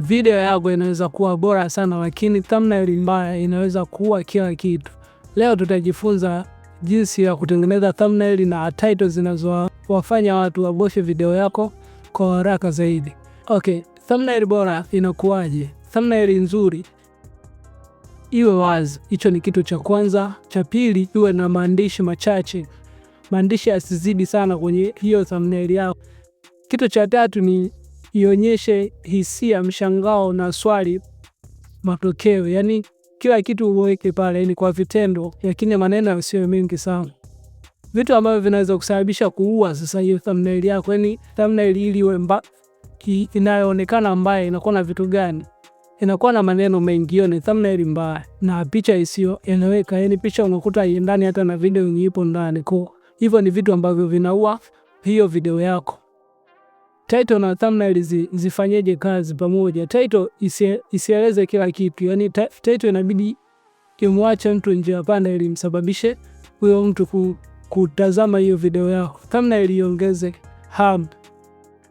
video yako inaweza kuwa bora sana, lakini thumbnail mbaya inaweza kuwa kila kitu. Leo tutajifunza jinsi ya kutengeneza thumbnail na title zinazowafanya watu wabofye video yako kwa haraka zaidi. Okay, thumbnail bora inakuwaje? Thumbnail nzuri iwe wazi, hicho ni kitu cha kwanza. Cha pili, iwe na maandishi machache, maandishi yasizidi sana kwenye hiyo thumbnail yako. Kitu cha tatu ni ionyeshe hisia, mshangao na swali, matokeo, yaani kila kitu uweke pale ni yaani kwa vitendo, lakini maneno yasiyo mengi sana, vitu ambavyo vinaweza kusababisha kuua. Sasa hiyo thumbnail yako, yaani thumbnail ili iwe mba inayoonekana mbaya, inakuwa na vitu gani? Inakuwa na maneno mengi, hiyo ni thumbnail mbaya, na picha isiyo inaweka, yaani picha unakuta ndani hata na video ipo ndani. Kwa hivyo ni vitu ambavyo vinaua hiyo video yako title na thumbnail zi, zifanyeje kazi pamoja. Title isi, isieleze kila kitu, yani title inabidi imwache mtu njia ya panda ili msababishe huyo mtu ku, kutazama hiyo video yako. Thumbnail iongeze hub,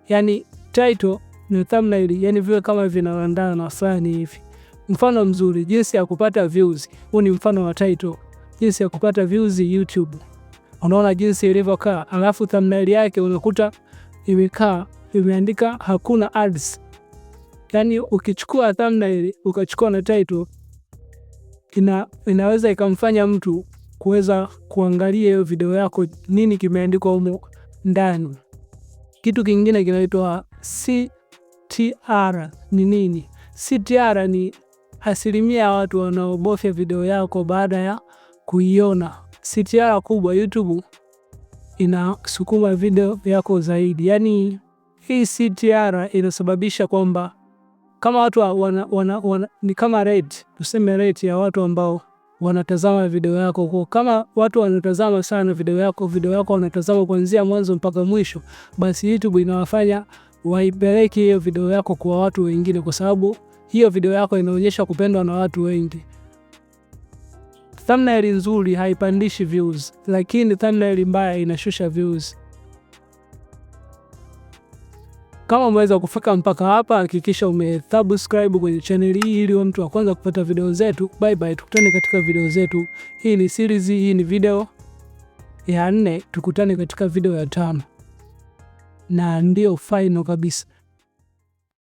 yani title na thumbnail, yani viwe kama vinaandana fulani hivi. Mfano mzuri jinsi ya kupata views, huu ni mfano wa title, jinsi ya kupata views YouTube. Unaona jinsi ilivyokaa, alafu thumbnail yake unakuta imekaa imeandika hakuna ads. Yaani ukichukua thumbnail ukachukua na title ina, inaweza ikamfanya mtu kuweza kuangalia hiyo video yako, nini kimeandikwa humo ndani. Kitu kingine kinaitwa CTR ni nini? CTR ni asilimia ya watu wanaobofya video yako baada ya kuiona. CTR kubwa YouTube inasukuma video yako zaidi, yani hii CTR inasababisha kwamba kama watu wana, wana, wana, ni kama rate, tuseme rate ya watu ambao wanatazama video yako. Kwa kama watu wanatazama sana video yako, video yako wanatazama kuanzia mwanzo mpaka mwisho, basi YouTube inawafanya waipeleke hiyo video yako kwa watu wengine, kwa sababu hiyo video yako inaonyesha kupendwa na watu wengi. Thumbnail nzuri haipandishi views, lakini thumbnail mbaya inashusha views. Kama umeweza kufika mpaka hapa, hakikisha umesubscribe kwenye channel hii ili uwe mtu wa kwanza kupata video zetu. Bye bye, tukutane katika video zetu. Hii ni series, hii ni video ya nne, tukutane katika video ya tano na ndio final kabisa.